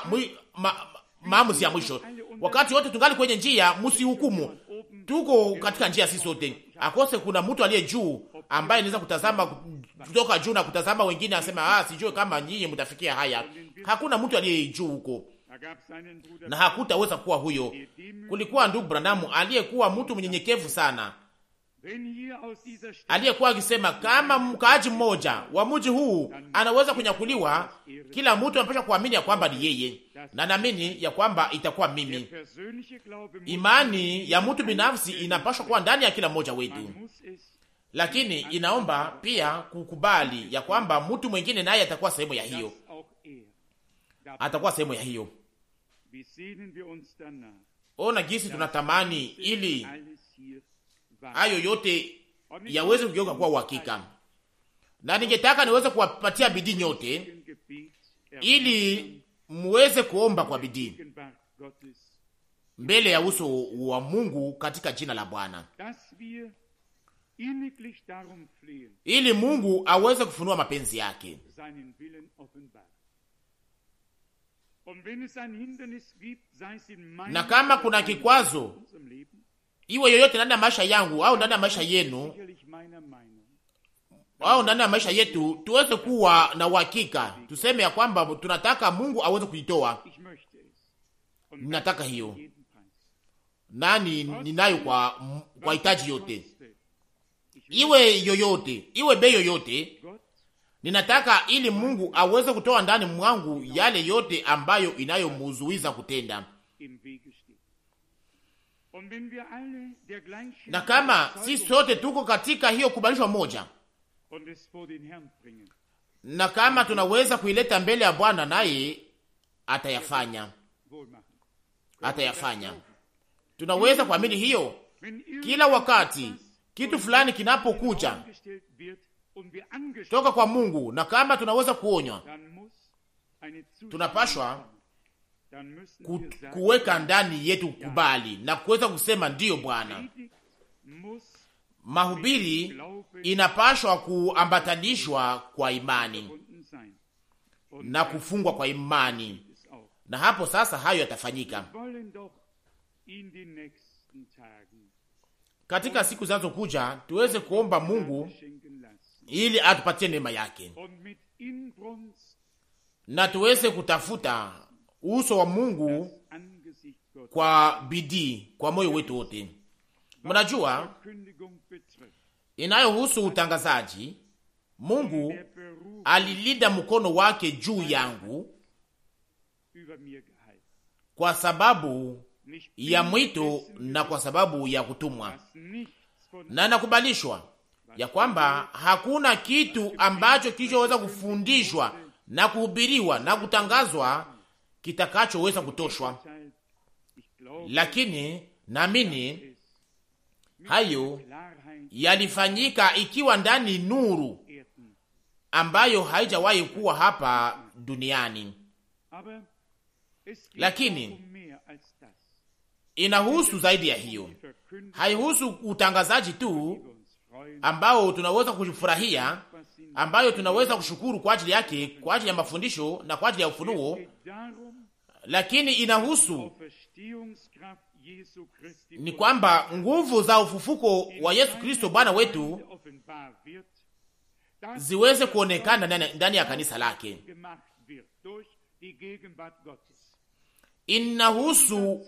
Speaker 1: maamuzi ya mwisho. Wakati wote tungali kwenye njia, msihukumu, tuko katika njia sisi sote akose kuna mtu aliye juu ambaye anaweza kutazama kutoka juu na kutazama wengine, anasema ah, sijui kama nyinyi mtafikia haya. Hakuna mtu aliye juu huko na hakutaweza kuwa huyo. Kulikuwa ndugu branamu aliyekuwa mtu mnyenyekevu sana, aliyekuwa akisema kama mkaaji mmoja wa mji huu anaweza kunyakuliwa, kila mtu anapasha kuamini ya kwamba ni yeye, na naamini ya kwamba itakuwa mimi. Imani ya mtu binafsi inapashwa kuwa ndani ya kila mmoja wetu, lakini inaomba pia kukubali ya kwamba mtu mwingine naye atakuwa sehemu ya hiyo,
Speaker 2: er. atakuwa sehemu ya hiyo.
Speaker 1: Ona jinsi tunatamani ili hayo yote yaweze kugeuka kuwa uhakika, na ningetaka niweze kuwapatia bidii nyote, ili muweze kuomba kwa bidii mbele ya uso wa Mungu katika jina la Bwana, ili Mungu aweze kufunua mapenzi yake. Na kama kuna kikwazo iwe yoyote ndani ya maisha yangu au ndani ya maisha yenu au ndani ya maisha yetu, tuweze kuwa na uhakika, tuseme ya kwamba tunataka Mungu aweze kujitoa. Ninataka hiyo nani ninayo kwa, kwa hitaji yote, iwe yoyote, iwe bei yoyote. Ninataka ili Mungu aweze kutoa ndani mwangu yale yote ambayo inayomuzuiza kutenda
Speaker 2: na kama sisi sote tuko
Speaker 1: katika hiyo kubalishwa moja, na kama tunaweza kuileta mbele ya Bwana naye atayafanya, atayafanya. Tunaweza kuamini hiyo. Kila wakati kitu fulani kinapokuja toka kwa Mungu, na kama tunaweza kuonywa, tunapashwa kuweka ndani yetu kubali na kuweza kusema ndiyo Bwana. Mahubiri inapashwa kuambatanishwa kwa imani na kufungwa kwa imani, na hapo sasa hayo yatafanyika katika siku zinazokuja. Tuweze kuomba Mungu ili atupatie neema yake na tuweze kutafuta uso wa Mungu kwa bidii, kwa moyo wetu wote. Mnajua inayohusu utangazaji, Mungu alilinda mkono wake juu yangu kwa sababu ya mwito na kwa sababu ya kutumwa, na nakubalishwa ya kwamba hakuna kitu ambacho kilichoweza kufundishwa na kuhubiriwa na kutangazwa kitakachoweza kutoshwa, lakini naamini hayo yalifanyika ikiwa ndani nuru ambayo haijawahi kuwa hapa duniani,
Speaker 2: lakini
Speaker 1: inahusu zaidi ya hiyo. Haihusu utangazaji tu ambao tunaweza kufurahia, ambayo tunaweza kushukuru kwa ajili yake, kwa ajili ya mafundisho na kwa ajili ya ufunuo, lakini inahusu ni kwamba nguvu za ufufuko wa Yesu Kristo Bwana wetu
Speaker 2: ziweze kuonekana ndani ya kanisa lake.
Speaker 1: Inahusu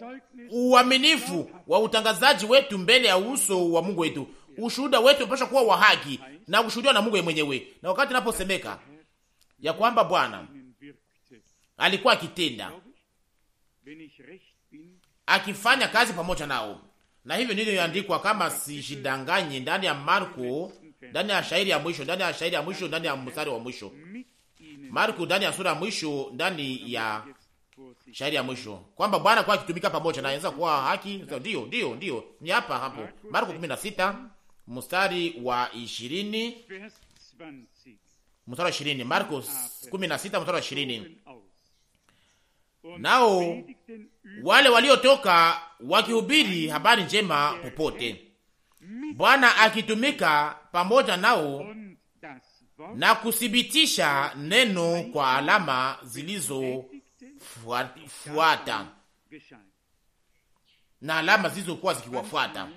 Speaker 1: uaminifu wa utangazaji wetu mbele ya uso wa Mungu wetu. Ushuhuda wetu unapaswa kuwa wa haki na kushuhudiwa na Mungu mwenyewe, na wakati inaposemeka ya kwamba Bwana alikuwa akitenda akifanya kazi pamoja nao, na hivyo ndivyo imeandikwa, kama sijidanganye, ndani ya Marko, ndani ya shairi ya mwisho, ndani ya shairi ya mwisho, ndani ya mstari wa mwisho, Marko, ndani ya sura ya mwisho, ndani ya shairi ya mwisho, kwamba Bwana kwa akitumika pamoja na anaweza kuwa haki. Ndio, ndio, ndio, ni hapa hapo, Marko 16 mstari wa 20, mstari wa 20, Marko 16 mstari wa 20 nao wale waliotoka wakihubiri habari njema popote, Bwana akitumika pamoja nao na kuthibitisha neno kwa alama zilizofuata na alama zilizokuwa zikiwafuata.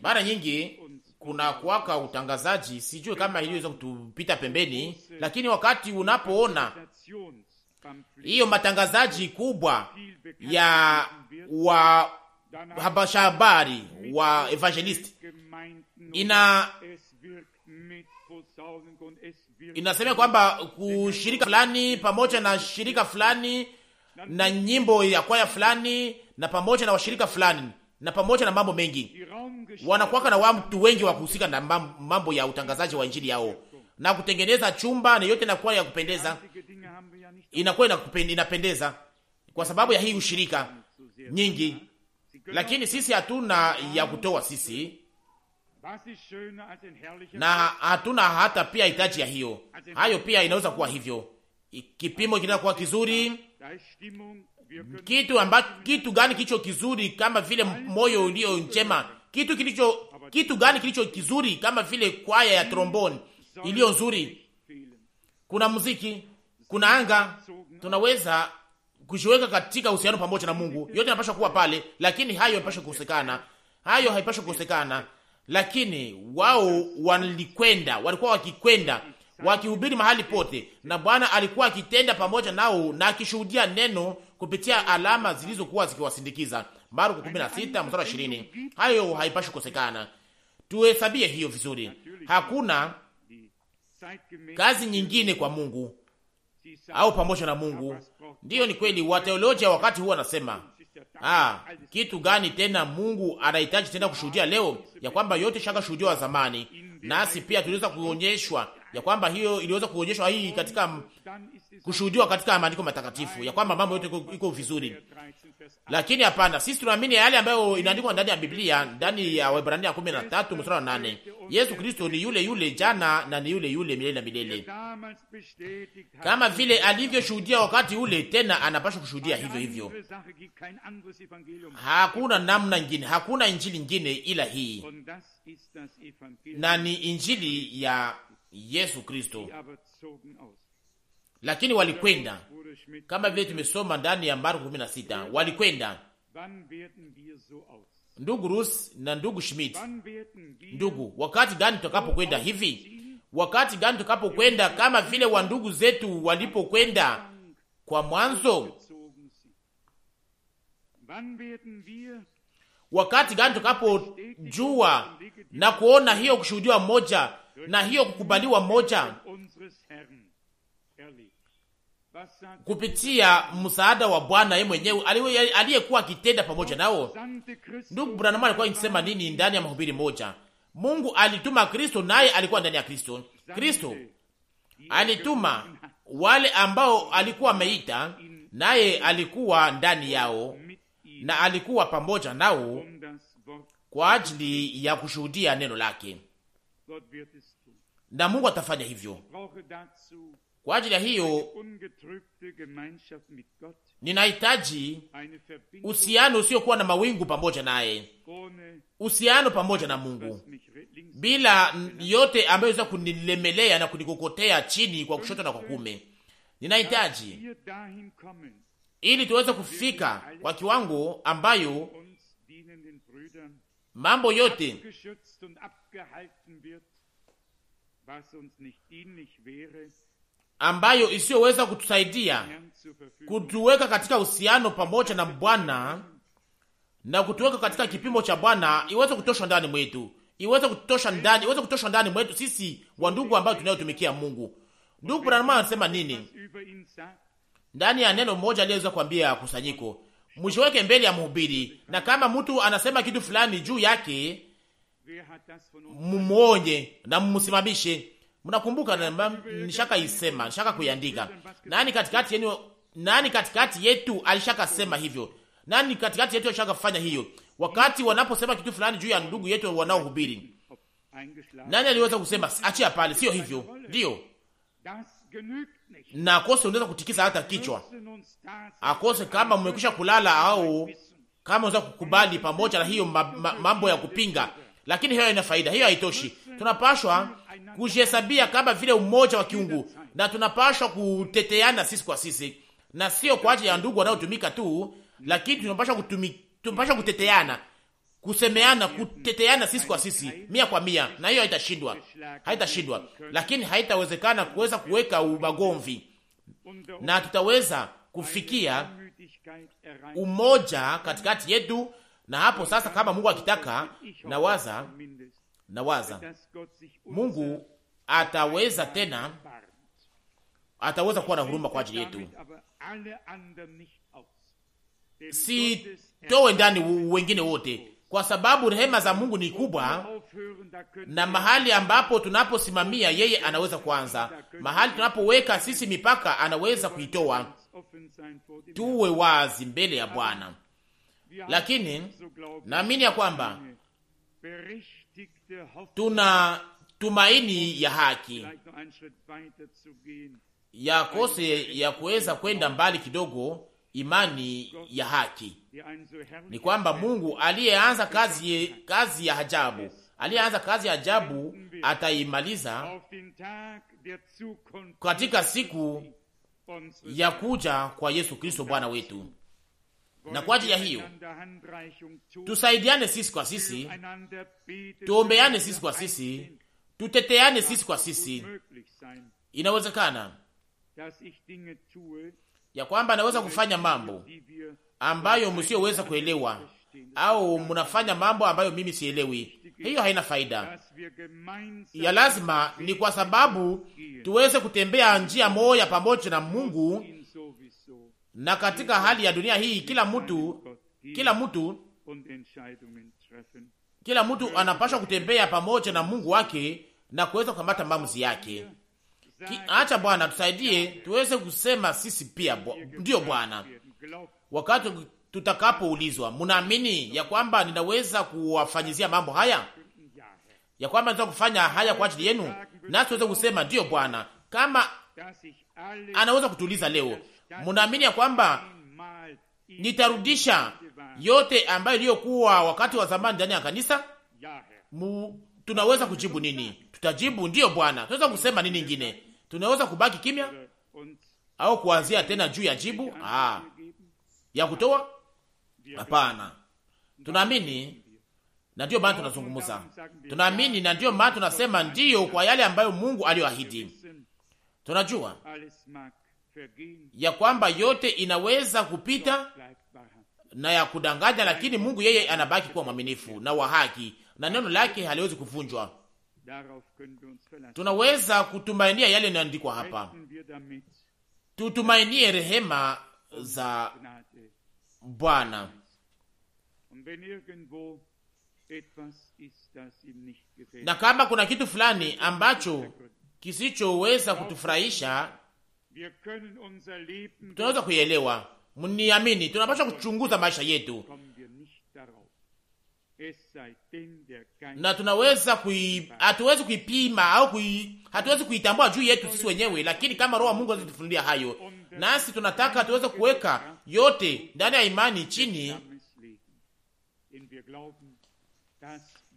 Speaker 2: Mara nyingi
Speaker 1: kuna kuwaka utangazaji, sijue kama iliyoweza kutupita pembeni, lakini wakati unapoona hiyo matangazaji kubwa ya wa habasha habari wa evangelist ina inasema kwamba kushirika fulani pamoja na shirika fulani na nyimbo ya kwaya fulani na pamoja na washirika fulani na pamoja na mambo mengi, wanakuwaka na watu wengi wa kuhusika na mambo ya utangazaji wa injili yao na kutengeneza chumba na yote nakuwa ya kupendeza inakuwa inapendeza kwa sababu ya hii ushirika nyingi, lakini sisi hatuna ya kutoa sisi, na hatuna hata pia hitaji ya hiyo. Hayo pia inaweza kuwa hivyo, kipimo kinaweza kuwa kizuri. Kitu amba, kitu gani kilicho kizuri kama vile moyo ulio njema? Kitu kilicho kitu gani kilicho kizuri kama vile kwaya ya trombone iliyo nzuri? Kuna muziki kuna anga, tunaweza kujiweka katika uhusiano pamoja na Mungu. Yote yanapaswa kuwa pale, lakini hayo yanapaswa kukosekana, hayo haipaswi kukosekana. Lakini wao walikwenda, walikuwa wakikwenda wakihubiri mahali pote, na Bwana alikuwa akitenda pamoja nao na akishuhudia neno kupitia alama zilizokuwa zikiwasindikiza. Marko 16 mstari 20. Hayo haipashi kukosekana, tuhesabie hiyo vizuri. Hakuna kazi nyingine kwa Mungu au pamoja na Mungu. Ndiyo, ni kweli. Wateolojia wakati huo wanasema ah, kitu gani tena Mungu anahitaji tena kushuhudia leo, ya kwamba yote shaka shuhudia wa zamani, nasi pia tuliweza kuonyeshwa ya kwamba hiyo iliweza kuonyeshwa hii katika kushuhudiwa katika maandiko matakatifu ya kwamba mambo yote iko vizuri, lakini hapana, sisi tunaamini yale ambayo inaandikwa ndani ya Biblia, ndani ya Waebrania 13 mstari wa 8. Yesu Kristo ni yule yule jana na ni yule yule milele na milele, kama vile alivyoshuhudia wakati ule, tena anapaswa kushuhudia hivyo hivyo. Hakuna namna nyingine, hakuna injili nyingine ila hii, na ni injili ya Yesu Kristo, lakini walikwenda kama vile tumesoma ndani ya Marko 16 walikwenda. Ndugu Rus na ndugu Schmidt, ndugu, wakati gani tutakapokwenda hivi? Wakati gani tutakapokwenda kama vile wandugu zetu walipokwenda kwa mwanzo? Wakati gani tutakapojua na kuona hiyo kushuhudiwa mmoja na hiyo kukubaliwa moja kupitia msaada wa Bwana yeye mwenyewe aliyekuwa akitenda pamoja nao. Ndugu Branham alikuwa akisema nini ndani ya mahubiri moja? Mungu alituma Kristo, naye alikuwa ndani ya Kristo. Kristo alituma wale ambao alikuwa ameita, naye alikuwa ndani yao na alikuwa pamoja nao kwa ajili ya kushuhudia neno lake na Mungu atafanya hivyo. Kwa ajili ya hiyo ninahitaji uhusiano usiokuwa na mawingu pamoja naye, uhusiano pamoja na Mungu, bila yote ambayo iweza kunilemelea na kunikokotea chini kwa kushoto na kwa kume. Ninahitaji ili tuweze kufika kwa kiwango ambayo mambo yote ambayo isiyoweza kutusaidia kutuweka katika uhusiano pamoja na Bwana na kutuweka katika kipimo cha Bwana iweze kutosha ndani mwetu, iweze kutosha ndani, iweze kutosha ndani mwetu sisi wa ndugu ambao tunayotumikia Mungu. Ndugu Branham anasema nini ndani ya neno moja aliyeweza kuambia kusanyiko? Mshiweke mbele ya mhubiri, na kama mtu anasema kitu fulani juu yake mumwonye na mumsimamishe. Mnakumbuka, nishaka isema, nishaka kuiandika. Nani katikati yenu, nani katikati yetu alishaka sema hivyo? Nani katikati yetu alishaka fanya hiyo? Wakati wanaposema kitu fulani juu ya ndugu yetu wanaohubiri, nani aliweza kusema achia pale, sio hivyo? Ndio na akose unaweza kutikisa hata kichwa akose, kama mmekwisha kulala au kama unaweza kukubali pamoja na hiyo mambo ma, ma, ya kupinga lakini hiyo ina faida, hiyo haitoshi. Tunapashwa kujihesabia kama vile umoja wa kiungu, na tunapashwa kuteteana sisi kwa sisi, na sio kwa ajili ya ndugu wanaotumika tu, lakini tunapashwa tunapashwa kuteteana, kusemeana, kuteteana sisi kwa sisi, mia kwa mia, na hiyo haitashindwa, haitashindwa, lakini haitawezekana kuweza kuweka magomvi, na tutaweza kufikia umoja katikati yetu na hapo sasa, kama Mungu akitaka, nawaza nawaza Mungu ataweza tena, ataweza kuwa na huruma kwa ajili yetu. Sitowe ndani wengine wote, kwa sababu rehema za Mungu ni kubwa, na mahali ambapo tunaposimamia yeye anaweza kuanza, mahali tunapoweka sisi mipaka anaweza kuitoa. Tuwe wazi mbele ya Bwana lakini naamini ya kwamba tuna tumaini ya haki ya kose ya kuweza kwenda mbali kidogo. Imani ya haki ni kwamba Mungu aliyeanza kazi, kazi ya ajabu aliyeanza kazi ya ajabu ataimaliza katika siku ya kuja kwa Yesu Kristo Bwana wetu. Na kwa ajili ya hiyo tusaidiane sisi kwa sisi, tuombeane sisi kwa sisi, tuteteane sisi kwa sisi. Inawezekana ya kwamba naweza kufanya mambo ambayo msiyoweza kuelewa au mnafanya mambo ambayo mimi sielewi. Hiyo haina faida. Ya lazima ni kwa sababu tuweze kutembea njia moja pamoja na Mungu na katika hali ya dunia hii kila mtu
Speaker 2: kila mtu
Speaker 1: kila mtu anapasha kutembea pamoja na Mungu wake na kuweza kukamata maamuzi yake. Ki, acha Bwana tusaidie tuweze kusema sisi pia bwa, ndiyo Bwana, wakati tutakapoulizwa, mnaamini ya kwamba ninaweza kuwafanyizia mambo haya, ya kwamba ninaweza kufanya haya kwa ajili yenu, nasi tuweze kusema ndiyo Bwana, kama anaweza kutuuliza leo Munaamini ya kwamba nitarudisha yote ambayo iliyokuwa wakati wa zamani ndani ya kanisa? Mu, tunaweza kujibu nini? Tutajibu ndiyo Bwana. Tunaweza kusema nini ingine? Tunaweza kubaki kimya au kuanzia tena juu ya jibu ah, ya kutoa? Hapana, tunaamini na ndiyo maana tunazungumza, tunaamini na ndiyo maana tunasema ndiyo kwa yale ambayo Mungu aliyoahidi. Tunajua ya kwamba yote inaweza kupita na ya kudanganya, lakini Mungu yeye anabaki kuwa mwaminifu na wa haki, na neno lake haliwezi kuvunjwa. Tunaweza kutumainia yale inayoandikwa hapa, tutumainie rehema za Bwana. Na kama kuna kitu fulani ambacho kisichoweza kutufurahisha tunaweza kuielewa. Mniamini, tunapaswa kuchunguza maisha yetu na tunaweza kui, hatuwezi kuipima au kui, hatuwezi kuitambua juu yetu sisi wenyewe, lakini kama Roho wa Mungu anatufunulia hayo, nasi tunataka tuweze kuweka yote ndani ya imani chini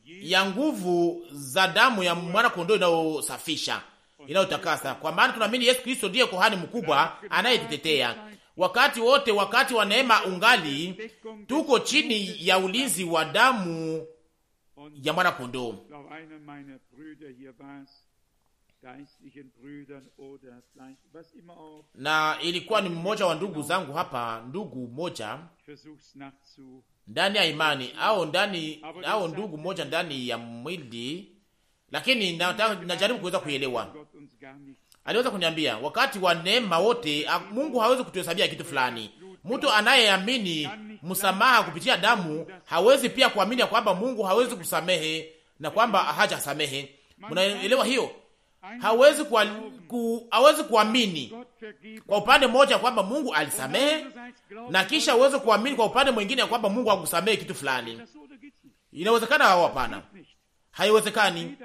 Speaker 1: ya nguvu za damu ya mwana kondoo inayosafisha inayotakasa, kwa maana tunaamini Yesu Kristo ndiye kuhani mkubwa anayetutetea wakati wote. Wakati wa neema ungali tuko chini ya ulinzi wa damu ya mwana kondoo. Na ilikuwa ni mmoja wa ndugu zangu hapa, ndugu mmoja ndani ya imani au ndani au ndugu mmoja ndani ya mwili lakini najaribu kuweza kuelewa. Aliweza kuniambia wakati wa neema wote, Mungu hawezi kutuhesabia kitu fulani. Mtu anayeamini msamaha kupitia damu hawezi pia kuamini ya kwamba Mungu hawezi kusamehe na kwamba haja samehe. Mnaelewa hiyo? Hawezi kwa, ku, hawezi kuamini kwa upande mmoja kwamba Mungu alisamehe na kisha hawezi kuamini kwa upande mwingine ya kwamba Mungu hakusamehe kitu fulani. Inawezekana hao? Hapana, Haiwezekani.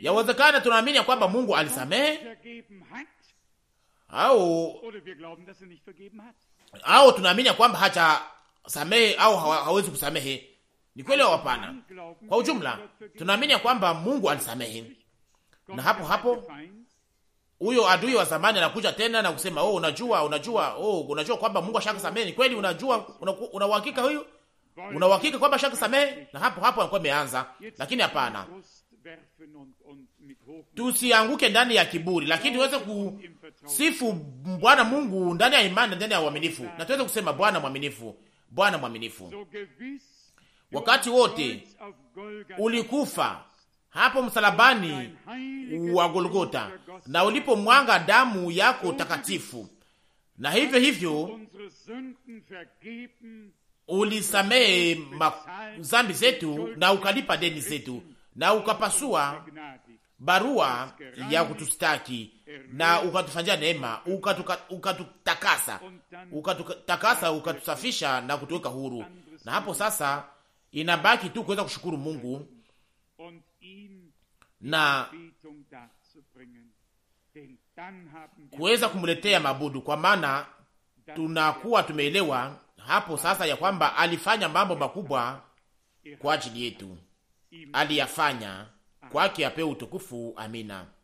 Speaker 1: Yawezekana tunaamini ya kwamba Mungu alisamehe au au tunaamini ya kwamba hajasamehe au hawezi kusamehe. Ni kweli au hapana? Kwa ujumla tunaamini ya kwamba Mungu alisamehe, na hapo hapo huyo adui wa zamani anakuja tena na kusema oh, unajua unajua, oh, unajua kwamba Mungu ashakusamehe. Ni kweli, unajua, una uhakika huyo una uhakika kwamba samehe, na hapo hapo anakuwa ameanza. Lakini hapana, tusianguke ndani ya kiburi, lakini tuweze kusifu Bwana Mungu ndani ya imani, na ndani ya uaminifu, na tuweze kusema Bwana mwaminifu, Bwana mwaminifu, wakati wote ulikufa hapo msalabani wa Golgota na ulipomwanga damu yako takatifu, na hivyo hivyo ulisamehe zambi zetu na ukalipa deni zetu na ukapasua barua ya kutustaki na ukatufanyia neema, ukatutakasa, ukatutakasa, ukatusafisha na kutuweka huru. Na hapo sasa inabaki tu kuweza kushukuru Mungu na
Speaker 2: kuweza kumletea
Speaker 1: mabudu, kwa maana tunakuwa tumeelewa hapo sasa ya kwamba alifanya mambo makubwa kwa ajili yetu, aliyafanya kwake, apewe utukufu. Amina.